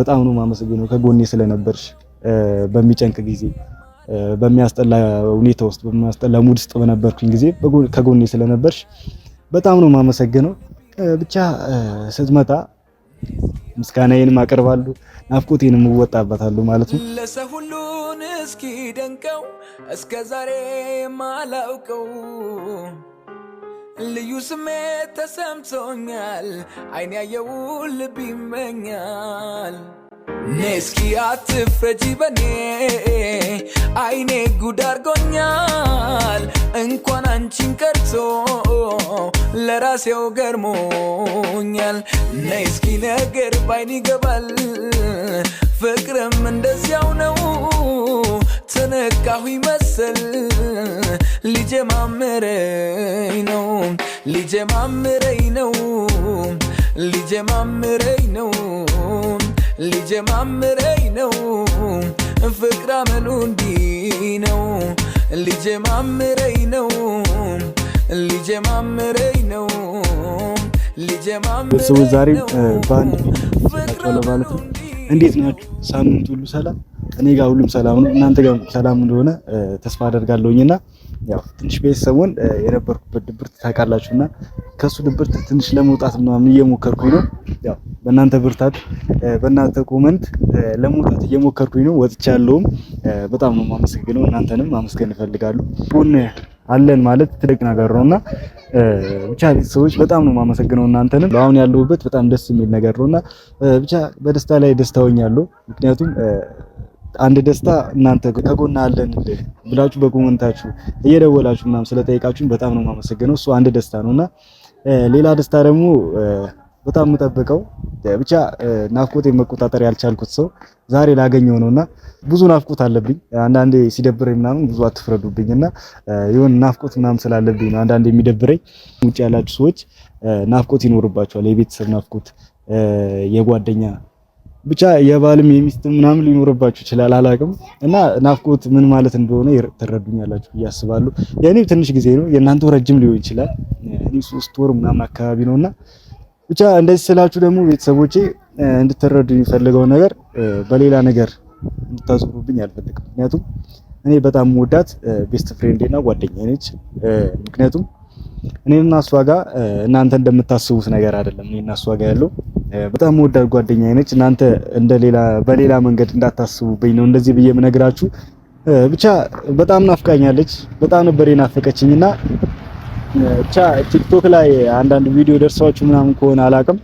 በጣም ነው ማመሰግነው ከጎኔ ስለነበርሽ በሚጨንቅ ጊዜ በሚያስጠላ ሁኔታ ውስጥ በሚያስጠላ ሙድ ውስጥ በነበርኩኝ ጊዜ ከጎኔ ስለነበርሽ በጣም ነው የማመሰግነው። ብቻ ስትመጣ ምስጋናዬንም አቀርባለሁ፣ ናፍቆቴንም እወጣበታለሁ ማለት ነው። ለሰው ሁሉን እስኪ ደንቀው እስከ ዛሬ ማላውቀው ልዩ ስሜት ተሰምቶኛል። አይን ያየው ልብ ይመኛል። ኔስኪ አትፍረጂ በኔ አይኔ ጉዳርጎኛል። እንኳን አንቺን ቀርቶ ለራሴው ገርሞኛል። ነስኪ ነገር ባይን ይገባል ፍቅርም እንደዚያው ነው። ተነቃሁ ይመስል ልጄ ማምረኝ ነው ልጄ ማምረኝ ነው ልጄ ማምረኝ ነው ልጄ ማምረኝ ነው ፍቅር አመሉ እንዲህ ነው ልጄ ማምረኝ ነው ልጄ ማምረኝ ነው ልጄ ማምረኝ ነው ዛሬ በአንድ ማለት ነው እንዴት ናችሁ ሳምንት ሁሉ ሰላም እኔ ጋር ሁሉም ሰላም ነው፣ እናንተ ጋር ሰላም እንደሆነ ተስፋ አደርጋለሁኝና ያው ትንሽ ቤተሰቡን የነበርኩበት ድብርት ታውቃላችሁና ከሱ ድብርት ትንሽ ለመውጣት ምናምን እየሞከርኩኝ ነው። ያው በእናንተ ብርታት፣ በእናንተ ኮመንት ለመውጣት እየሞከርኩኝ ነው። ወጥቻለሁም። በጣም ነው የማመሰግነው። እናንተንም ማመስገን እፈልጋለሁ። ሁን አለን ማለት ትልቅ ነገር ነውና ብቻ ቤተሰቦች በጣም ነው የማመሰግነው እናንተንም። አሁን ያለሁበት በጣም ደስ የሚል ነገር ነውና ብቻ በደስታ ላይ ደስታውኛለሁ ምክንያቱም አንድ ደስታ እናንተ ከጎና አለን ብላችሁ በኮመንታችሁ እየደወላችሁ ምናምን ስለጠይቃችሁ በጣም ነው የማመሰግነው። እሱ አንድ ደስታ ነውና ሌላ ደስታ ደግሞ በጣም የምጠብቀው ብቻ ናፍቆት መቆጣጠር ያልቻልኩት ሰው ዛሬ ላገኘው ነውና ብዙ ናፍቆት አለብኝ። አንዳንዴ ሲደብረኝ ምናምን ብዙ አትፍረዱብኝና የሆነ ናፍቆት ምናምን ስላለብኝ ነው አንዳንዴ የሚደብረኝ። ውጭ ያላችሁ ሰዎች ናፍቆት ይኖርባችኋል። የቤተሰብ ናፍቆት፣ የጓደኛ ብቻ የባልም የሚስትም ምናምን ሊኖርባችሁ ይችላል፣ አላቅም እና ናፍቆት ምን ማለት እንደሆነ ትረዱኛላችሁ ብዬ አስባለሁ። የእኔ ትንሽ ጊዜ ነው፣ የእናንተው ረጅም ሊሆን ይችላል። እኔ ሶስት ወር ምናምን አካባቢ ነው እና ብቻ እንደዚህ ስላችሁ ደግሞ ቤተሰቦቼ እንድትረዱ የሚፈልገው ነገር በሌላ ነገር እንድታዞሩብኝ አልፈልግም። ምክንያቱም እኔ በጣም ወዳት ቤስት ፍሬንዴና ጓደኛ ነች። ምክንያቱም እኔና እሷ ጋር እናንተ እንደምታስቡት ነገር አይደለም እኔና እሷ ጋር ያለው በጣም ወዳድ ጓደኛ ነች። እናንተ እንደሌላ በሌላ መንገድ እንዳታስቡብኝ ነው እንደዚህ ብዬ የምነግራችሁ። ብቻ በጣም ናፍቃኛለች። በጣም ነበር የናፈቀችኝ እና ብቻ ቲክቶክ ላይ አንዳንድ ቪዲዮ ደርሳችሁ ምናምን ከሆነ አላውቅም፣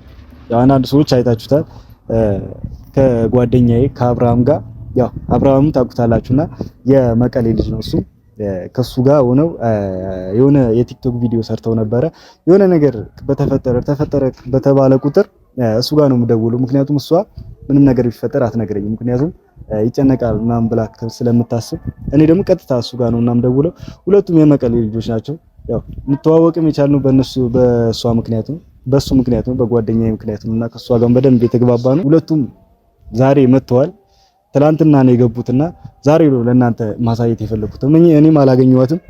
አንዳንድ ሰዎች አይታችሁታል። ከጓደኛዬ ከአብርሃም ጋር ያው አብርሃምም ታውቁታላችሁና የመቀሌ ልጅ ነው እሱ ከሱ ጋር ሆነው የሆነ የቲክቶክ ቪዲዮ ሰርተው ነበረ። የሆነ ነገር በተፈጠረ ተፈጠረ በተባለ ቁጥር እሱ ጋር ነው የምደውለው። ምክንያቱም እሷ ምንም ነገር ቢፈጠር አትነግረኝም። ምክንያቱም ይጨነቃል ምናምን ብላ ስለምታስብ እኔ ደግሞ ቀጥታ እሱ ጋር ነው እና የምደውለው። ሁለቱም የመቀሌ ልጆች ናቸው። ያው የምተዋወቅም የቻልነው በእነሱ በእሷ ምክንያት ነው በእሱ ምክንያት ነው በጓደኛዬ ምክንያት ነው እና ከእሷ ጋር በደንብ የተግባባ ነው። ሁለቱም ዛሬ መጥተዋል። ትላንትና ነው የገቡትና ዛሬ ነው ለእናንተ ማሳየት የፈለኩት። እኔም አላገኘኋትም።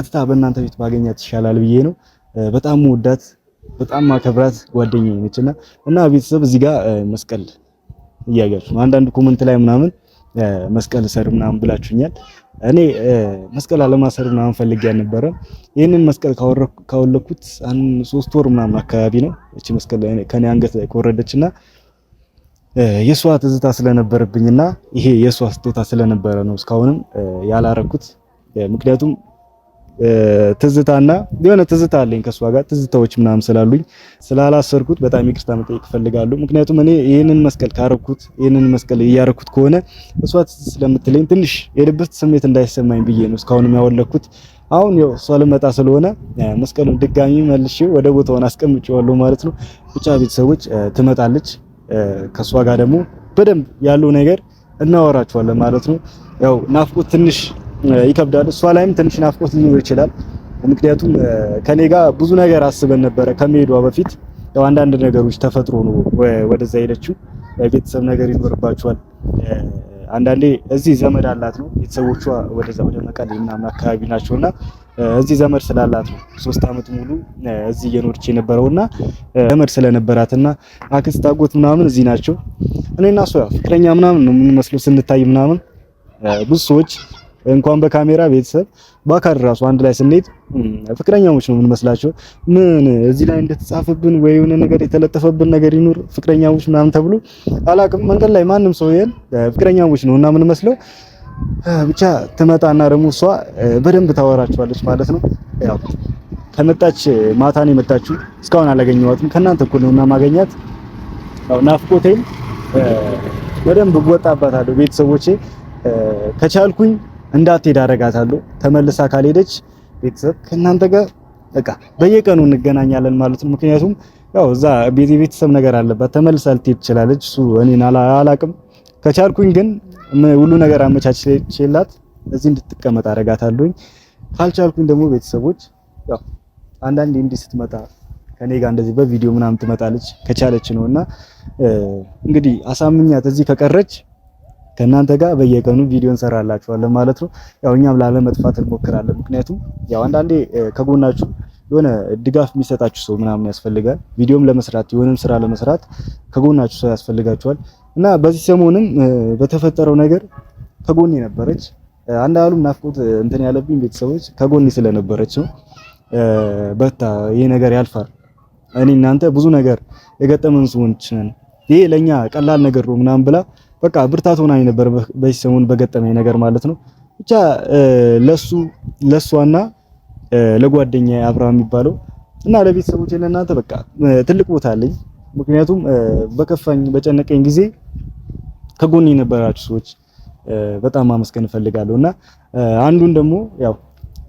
ቀጥታ በእናንተ ቤት ባገኛት ይሻላል ብዬ ነው። በጣም ወዳት በጣም ማከብራት ጓደኛዬ ነች እና እና ቤተሰብ እዚህ ጋር መስቀል እያያችሁ ነው። አንዳንድ ኮመንት ላይ ምናምን መስቀል ሰር ምናምን ብላችሁኛል። እኔ መስቀል አለማሰር ምናምን ፈልጌ አልነበረም። ይህንን መስቀል ካወለኩት ሶስት ወር ምናምን አካባቢ ነው። እቺ መስቀል ከኔ አንገት ላይ ከወረደችና የሷ ትዝታ ስለነበረብኝና ይሄ የሷ ስጦታ ስለነበረ ነው እስካሁንም ያላረኩት ምክንያቱም ትዝታና የሆነ ትዝታ አለኝ ከእሷ ጋር ትዝታዎች ምናምን ስላሉኝ ስላላሰርኩት በጣም ይቅርታ መጠየቅ እፈልጋለሁ። ምክንያቱም እኔ ይህንን መስቀል ካረኩት ይህንን መስቀል እያረኩት ከሆነ እሷ ስለምትለኝ ትንሽ የልብት ስሜት እንዳይሰማኝ ብዬ ነው እስካሁንም ያወለኩት። አሁን ያው እሷ ልመጣ ስለሆነ መስቀሉን ድጋሚ መልሼ ወደ ቦታውን አስቀምጬዋለሁ ማለት ነው። ብቻ ቤተሰቦች ትመጣለች። ከእሷ ጋር ደግሞ በደንብ ያለው ነገር እናወራችኋለን ማለት ነው። ያው ናፍቆት ትንሽ ይከብዳል። እሷ ላይም ትንሽ ናፍቆት ሊኖር ይችላል። ምክንያቱም ከኔ ጋር ብዙ ነገር አስበን ነበረ ከመሄዷ በፊት ያው አንዳንድ ነገሮች ተፈጥሮ ነው ወደዛ ሄደችው። ቤተሰብ ነገር ይኖርባቸዋል። አንዳንዴ እዚህ ዘመድ አላት ነው ቤተሰቦቿ ወደዛ ወደ መቀሌ ምናምን አካባቢ ናቸው እና እዚህ ዘመድ ስላላት ነው ሶስት ዓመት ሙሉ እዚህ እየኖረች የነበረውና ዘመድ ስለነበራትና አክስት፣ አጎት ምናምን እዚህ ናቸው። እኔና እሷ ፍቅረኛ ምናምን ነው የምንመስለው ስንታይ ምናምን ብዙ ሰዎች እንኳን በካሜራ ቤተሰብ በአካል ራሱ አንድ ላይ ስንሄድ ፍቅረኛሞች ነው የምንመስላቸው። ምን እዚህ ላይ እንደተጻፈብን ወይ የሆነ ነገር የተለጠፈብን ነገር ይኑር ፍቅረኛሞች ምናምን ተብሎ አላቅም። መንገድ ላይ ማንም ሰው ይል ፍቅረኛሞች ነው እና የምንመስለው ብቻ ትመጣና ደግሞ እሷ በደንብ ታወራችኋለች ማለት ነው። ያው ከመጣች ማታ ነው የመጣችው። እስካሁን አላገኘኋትም። ከእናንተ እኩል ነው እና ማገኛት ያው ናፍቆቴን በደንብ እወጣባታለሁ ቤተሰቦቼ ከቻልኩኝ እንዳትሄድ አደርጋታለሁ። ተመልሳ ካልሄደች ቤተሰብ ከእናንተ ጋር በቃ በየቀኑ እንገናኛለን ማለት ነው። ምክንያቱም ያው እዛ ቤተሰብ ነገር አለባት፣ ተመልሳ ልትሄድ ትችላለች። እሱ እኔን አላቅም። ከቻልኩኝ ግን ሁሉ ነገር አመቻችላት እዚህ እንድትቀመጥ አደርጋታለሁኝ። ካልቻልኩኝ ደግሞ ቤተሰቦች ያው አንዳንዴ እንዲህ ስትመጣ ከኔ ጋር እንደዚህ በቪዲዮ ምናምን ትመጣለች ከቻለች ነውና እንግዲህ አሳምኛት እዚህ ከቀረች ከእናንተ ጋር በየቀኑ ቪዲዮ እንሰራላችኋለን ማለት ነው። ያው እኛም ላለመጥፋት እንሞክራለን። ምክንያቱም ያው አንዳንዴ ከጎናችሁ የሆነ ድጋፍ የሚሰጣችሁ ሰው ምናምን ያስፈልጋል። ቪዲዮም ለመስራት የሆነም ስራ ለመስራት ከጎናችሁ ሰው ያስፈልጋችኋል እና በዚህ ሰሞንም በተፈጠረው ነገር ከጎን የነበረች አንድ አሉም ናፍቆት እንትን ያለብኝ ቤተሰቦች ከጎን ስለነበረች ነው። በታ ይሄ ነገር ያልፋል። እኔ እናንተ ብዙ ነገር የገጠመን ሰዎች ነን። ይሄ ለኛ ቀላል ነገር ነው ምናምን ብላ በቃ ብርታት ሆና ነበር በዚህ ሰሞን በገጠመኝ ነገር ማለት ነው። ብቻ ለሱ ለሷና ለጓደኛ አብርሃም የሚባለው እና ለቤተሰቦች ለእናንተ በቃ ትልቅ ቦታ አለኝ። ምክንያቱም በከፋኝ በጨነቀኝ ጊዜ ከጎን የነበራችሁ ሰዎች በጣም ማመስገን እፈልጋለሁ እና አንዱን ደግሞ ያው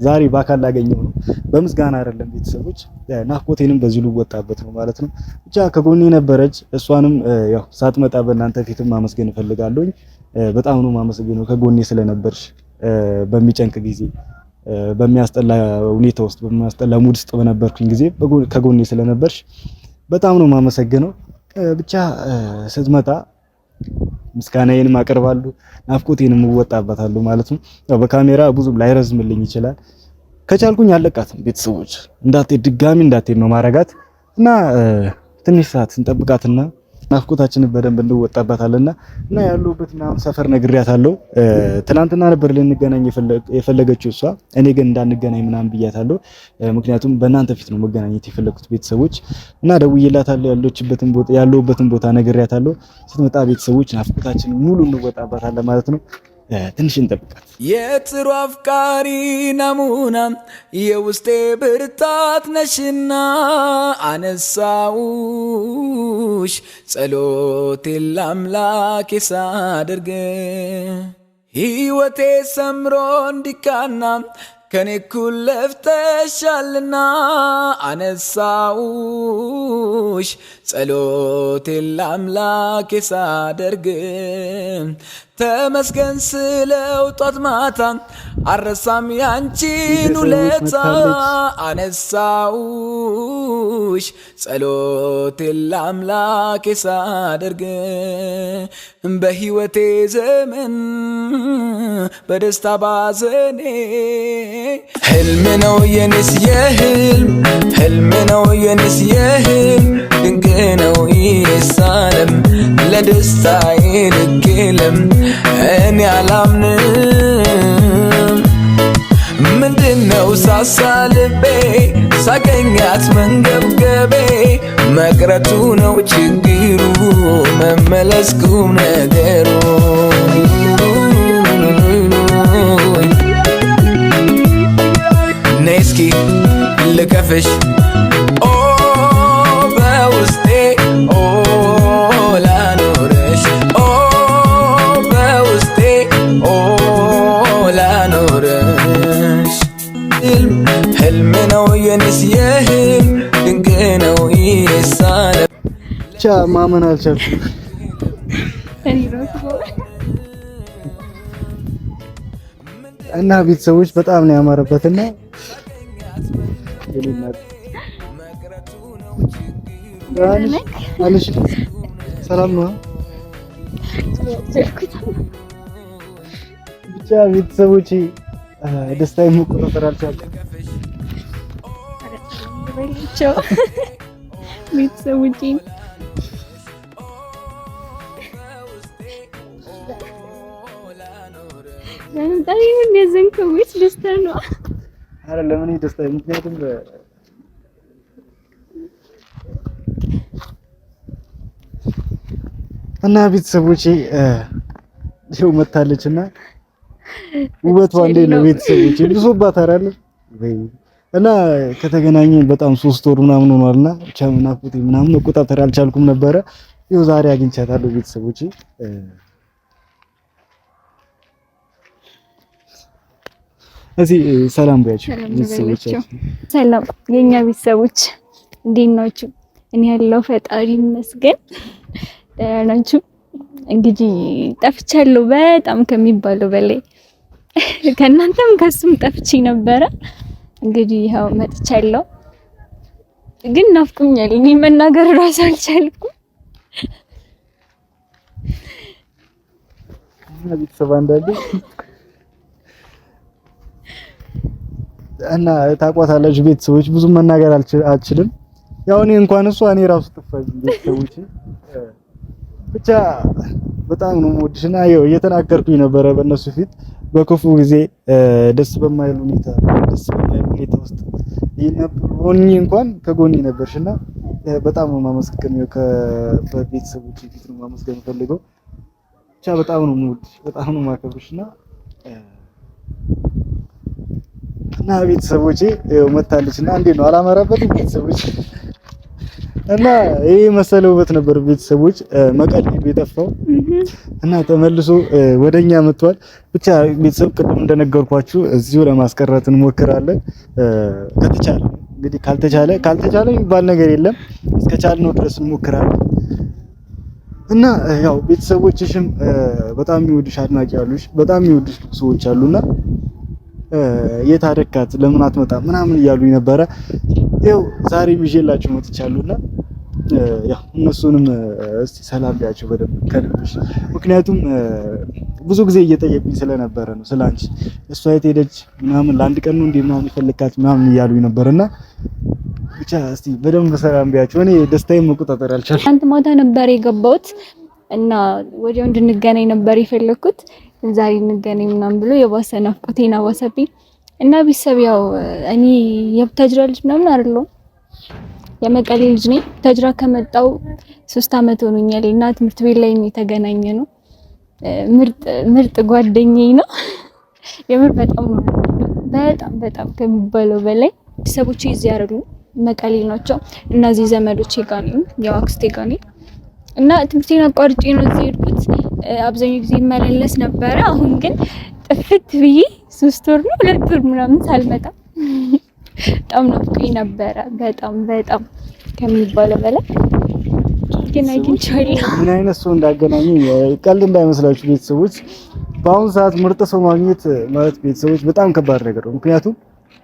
ዛሬ በአካል ላገኘው ነው። በምስጋና አይደለም ቤተሰቦች፣ ናፍቆቴንም በዚህ ልወጣበት ነው ማለት ነው። ብቻ ከጎኔ ነበረች። እሷንም ያው ሳትመጣ በእናንተ ፊትም ማመስገን እፈልጋለሁ። በጣም ነው ማመስገነው ከጎኔ ስለነበርሽ በሚጨንቅ ጊዜ በሚያስጠላ ሁኔታ ውስጥ በሚያስጠላ ሙድ ውስጥ በነበርኩኝ ጊዜ ከጎኔ ስለነበርሽ በጣም ነው ማመሰግነው። ብቻ ስትመጣ ምስጋናዬንም አቀርባለሁ፣ ናፍቆቴንም እወጣበታለሁ ማለት ነው። በካሜራ ብዙም ላይረዝምልኝ ይችላል። ከቻልኩኝ አለቃትም ቤተሰቦች እንዳትሄድ ድጋሚ እንዳትሄድ ነው ማረጋት እና ትንሽ ሰዓት እንጠብቃትና ናፍቆታችንን በደንብ እንወጣባታለንና እና ያሉበት ምናምን ሰፈር ነግሬያታለሁ። ትናንትና ነበር ልንገናኝ የፈለገችው እሷ፣ እኔ ግን እንዳንገናኝ ምናምን ብያታለሁ። ምክንያቱም በእናንተ ፊት ነው መገናኘት የፈለኩት ቤተሰቦች እና ደውዬላታለሁ። ቦታ ያለሁበትን ቦታ ነግሬያታለሁ። ስትመጣ ቤተሰቦች ናፍቆታችንን ሙሉ እንወጣባታለን ማለት ነው። ትንሽ እንጠብቃት። የጥሩ አፍቃሪ ናሙና የውስጤ ብርታት ነሽና አነሳውሽ ጸሎቴ ላምላክ ሳድርግ ሕይወቴ ሰምሮ እንዲካና ከኔ እኩል ለፍተሻልና አነሳውሽ ጸሎቴን ለአምላኬ ሳደርግ ተመስገን ስለው ጧት ማታ አረሳም ያንቺን ውለታ አነሳውሽ ጸሎቴን ለአምላኬ ሳደርግ በሕይወቴ ዘመን በደስታ ባዘኔ ህልም ነው የኔስ የህልም ህልም ነው የኔስ የህልም ድንግ ነው ይሳለም ለደስታ ይንግልም እኔ አላምንም ምንድነው ሳሳ ልቤ ሳገኛት መንገብገቤ መቅረቱ ነው ችግሩ መመለስ ቁም ነገሩ ነይ እስኪ ልከፍሽ ብቻ ማመን አልቻልኩም። እና ቤተሰቦች በጣም ነው ያማረበት እና ሰላም ነው ብቻ ቤተሰቦች ደስታ የምቆረጠር አልቻልኩም። ቤተሰቦች እና ቤተሰቦቼ ይኸው መታለች እና ውበቷ እንዴት ነው ቤተሰቦቼ? ብዙባት አይደለም እና ከተገናኘን በጣም ሶስት ወር ምናምን ሆኗልና ብቻ ምናምን ምናምን መቆጣጠር አልቻልኩም ነበረ። ይኸው ዛሬ አግኝቻታለሁ ቤተሰቦቼ። እዚህ ሰላም ብያቸው ሰላም የኛ ቤተሰቦች እንዴት ናችሁ? እኔ ያለው ፈጣሪ ይመስገን ደህና ናችሁ? እንግዲህ ጠፍቻለሁ በጣም ከሚባለው በላይ ከእናንተም ከሱም ጠፍቼ ነበረ። እንግዲህ ያው መጥቻለሁ፣ ግን ናፍቁኛል። እኔ መናገር እራሱ አልቻልኩም። ቤተሰብ አንዳንዴ እና ታውቋታለች። ቤተሰቦች ብዙ መናገር አልችልም። ያው እኔ እንኳን እሱ እኔ ራሱ ጥፋኝ። ቤተሰቦች ብቻ በጣም ነው የምወድሽና ያው እየተናገርኩኝ ነበረ በእነሱ ፊት በክፉ ጊዜ ደስ በማይል ሁኔታ ደስ በማይል ሁኔታ ውስጥ ይነብሮኝ እንኳን ከጎኔ ነበርሽና በጣም ነው ማመስገን ከቤተሰቦች ፊት ነው ማመስገን ፈልገው ብቻ በጣም ነው የምወድሽ፣ በጣም ነው የማከብርሽና እና ቤተሰቦቼ ይኸው መታለች እና እንዴት ነው አላመራበትም? ቤተሰቦች እና ይህ መሰለ ውበት ነበር ቤተሰቦች መቀሌ የጠፋው እና ተመልሶ ወደኛ መጥቷል። ብቻ ቤተሰብ ቅድም እንደነገርኳችሁ እዚሁ ለማስቀረት እንሞክራለን ከተቻለ እንግዲህ ካልተቻለ ካልተቻለ የሚባል ነገር የለም። እስከቻልነው ድረስ እንሞክራለን እና ያው ቤተሰቦችሽም በጣም የሚወዱሽ አድናቂ በጣም የሚወዱሽ ሰዎች አሉና የት አደካት ለምን አትመጣ? ምናምን እያሉኝ ነበረ። ይኸው ዛሬ ይዤላችሁ መጥቻለሁና ያው እነሱንም እስቲ ሰላም ቢያቸው በደንብ ከልብሽ። ምክንያቱም ብዙ ጊዜ እየጠየቁኝ ስለነበረ ነው ስለ አንቺ እሷ የት ሄደች ምናምን ለአንድ ቀን ነው እንዴ ምናምን የፈለካት ምናምን እያሉኝ ነበርና ብቻ እስቲ በደንብ ሰላም ቢያቸው። እኔ ደስታዬን መቆጣጠር አልቻልኩም። ትናንት ማታ ነበር የገባሁት እና ወዲያው እንድንገናኝ ነበር የፈለኩት። ዛሬ እንገናኝ ምናምን ብሎ የባሰ ናፍቆቴን አባሰብኝ እና ቤተሰብ ያው እኔ የቡታጅራ ልጅ ምናምን አይደለሁም የመቀሌ ልጅ ነኝ። ቡታጅራ ከመጣው ሶስት አመት ሆኖኛል እና ትምህርት ቤት ላይ የተገናኘ ነው። ምርጥ ምርጥ ጓደኛዬ ነው። የምር በጣም በጣም በጣም ከሚባለው በላይ ቤተሰቦቼ እዚህ አይደሉም፣ መቀሌ ናቸው። እነዚህ ዘመዶቼ ጋር ነኝ፣ ያው አክስቴ ጋር ነኝ እና ትምህርቴን አቋርጬ ነው እዚህ የሄድኩት። አብዛኛው ጊዜ ይመላለስ ነበረ። አሁን ግን ጥፍት ብዬ ሶስት ወር ነው ሁለት ወር ምናምን ሳልመጣ በጣም ናፍቆኝ ነበረ። በጣም በጣም ከሚባለው በላይ ግን አግኝቼዋለሁ። ምን አይነት ሰው እንዳገናኘ ቀልድ እንዳይመስላችሁ ቤተሰቦች። በአሁኑ ሰዓት ምርጥ ሰው ማግኘት ማለት ቤተሰቦች በጣም ከባድ ነገር ነው። ምክንያቱም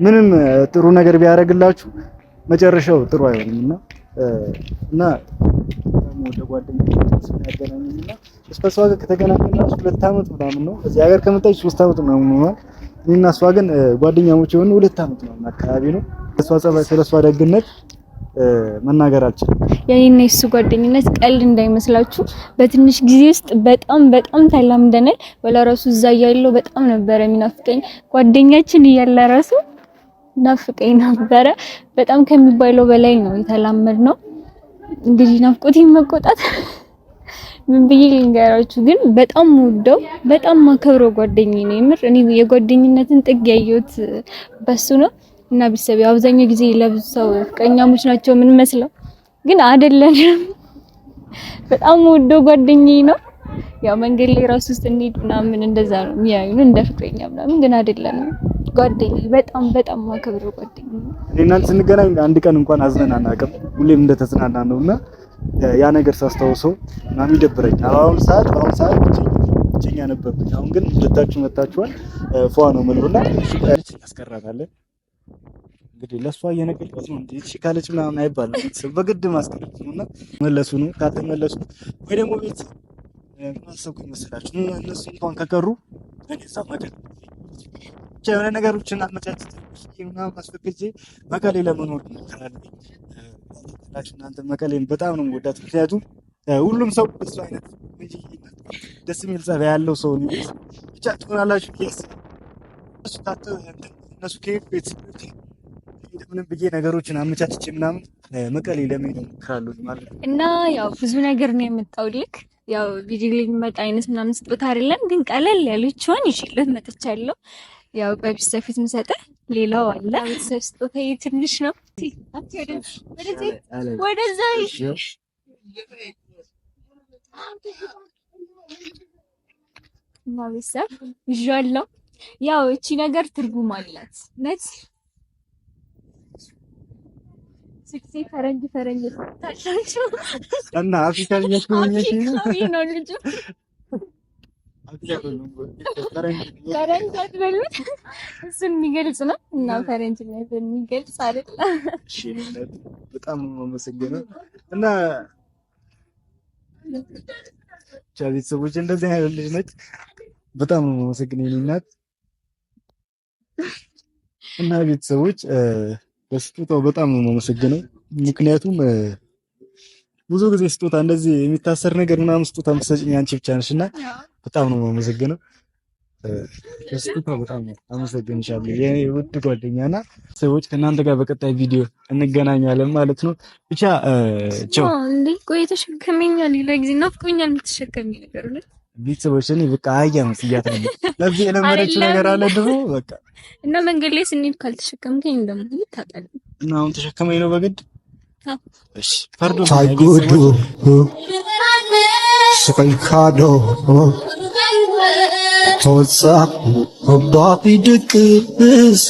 ምንም ጥሩ ነገር ቢያደርግላችሁ መጨረሻው ጥሩ አይሆንም እና እና ወደ ጓደኞች ያገናኘኝ እና እስከ እሷ ጋር ከተገናኘን ሁለት ዓመት ምናምን ነው። እዚህ ሀገር ከመጣች ሶስት ዓመት ምናምን ሆኗል። እኔና እሷ ግን ጓደኛሞች የሆኑ ሁለት ዓመት ምናምን አካባቢ ነው። እሷ ጸባይ፣ ስለ እሷ ደግነት መናገር አልችልም። የኔና የሱ ጓደኝነት ቀልድ እንዳይመስላችሁ በትንሽ ጊዜ ውስጥ በጣም በጣም ተላምደናል። ወላ ራሱ እዛ እያለሁ በጣም ነበረ የሚናፍቀኝ ጓደኛችን እያለ ራሱ ናፍቀኝ ነበረ። በጣም ከሚባለው በላይ ነው የተላመድ ነው። እንግዲህ ናፍቆቴን መቆጣት ምን ብዬ ልንገራችሁ፣ ግን በጣም ወደው በጣም ማከብረው ጓደኛዬ ነው። የምር እኔ የጓደኝነትን ጥግ ያየሁት በሱ ነው እና ቤተሰብ አብዛኛው ጊዜ ለብዙ ሰው ፍቅረኛሞች ናቸው ምን መስለው፣ ግን አይደለም። በጣም ወደው ጓደኛዬ ነው። ያው መንገድ ላይ ራሱ ውስጥ እንሂድ ምናምን እንደዛ ነው የሚያዩን እንደ ፍቅረኛ ምናምን፣ ግን አይደለም። ጓደኛዬ በጣም በጣም ማከብረው ጓደኛዬ ነው። እኔና ስንገናኝ አንድ ቀን እንኳን አዝነን አናውቅም። ሁሌም እንደተዝናና ነው እና ያ ነገር ሳስታውሰው ምናምን ይደብረኛል። አሁን ሰዓት አሁን ሰዓት ብቸኛ ነበርኩኝ። አሁን ግን ሁለታችሁ መታችኋል። ፏ ነው ምንሉና ያስቀራታለን እንግዲህ ለእሷ እየነገርኩት ነው እንዴ እሺ ካለች ምናምን አይባልም። በግድ ማስቀረት ነውና መለሱ ነው ካልተመለሱ ወይ ደግሞ ቤት ማሰብኩኝ መሰላችሁ እነሱ እንኳን ከቀሩ እኔ እዛ መቀር ብቻ የሆነ ነገሮችን አመቻችቼ ምናምን አስፈቅጄ መቀሌ ለመኖር ሞክራለሁ። እናንተ መቀሌን በጣም ነው የምወዳት። ምክንያቱም ሁሉም ሰው እሱ አይነት ደስ የሚል ጸባይ ያለው ሰው ብቻ ትሆናላችሁ። እነሱ ከሄዱ ምንም ብዬ ነገሮችን አመቻችቼ ምናምን መቀሌ ለመሄድ ሞክራለሁ ማለት እና ያው ብዙ ነገር ነው የምታውልክ ያው ቪዲዮ ላይ የሚመጣ አይነት ምናምን ስጦታ አይደለም፣ ግን ቀለል ያለችውን ይዤለት መጥቻለሁ። ያው በፊት በፊት የምሰጥህ ሌላው አለ። ቤተሰብ ስጦታ ትንሽ ነው። ወደዛ እና ቤተሰብ ይዤዋለሁ። ያው እቺ ነገር ትርጉም አላት ነት ስድሴ ፈረንጅ ፈረንጅ እና ፈረንጅ አትበሉት፣ እሱን የሚገልጽ ነው እና ፈረንጅ የሚገልጽ አይደለም። በጣም እና ብቻ ቤተሰቦች እንደዚህ አይነት ልጅ ነች። በጣም ነው የእኔ እናት እና ቤተሰቦች በስጦታው በጣም ነው የማመሰግነው። ምክንያቱም ብዙ ጊዜ ስጦታ እንደዚህ የሚታሰር ነገር ምናምን ስጦታ መሰጭኝ አንቺ ብቻ ነሽ እና በጣም ነው የማመሰግነው። በስጦታው በጣም አመሰግንሻለሁ የኔ ውድ ጓደኛ ጓደኛና ሰዎች፣ ከእናንተ ጋር በቀጣይ ቪዲዮ እንገናኛለን ማለት ነው። ብቻ ቸው እንዴ ቆይተሽ ከመኛል ሌላ ጊዜ ናፍቆኛል የምትሸከሚ ነገር ቤተሰቦች እኔ በቃ አህያ መስያት ነው። ለዚህ የለመደችው ነገር አለ ድሮ በቃ እና መንገድ ላይ ስንሄድ ካልተሸከምከኝ ደግሞ ታውቃለህ። እና አሁን ተሸከመኝ ነው በግድ እሺ። ፈርዶ ታጉዱ ሽፈይካዶ ተወጻ አባቲ ድቅስ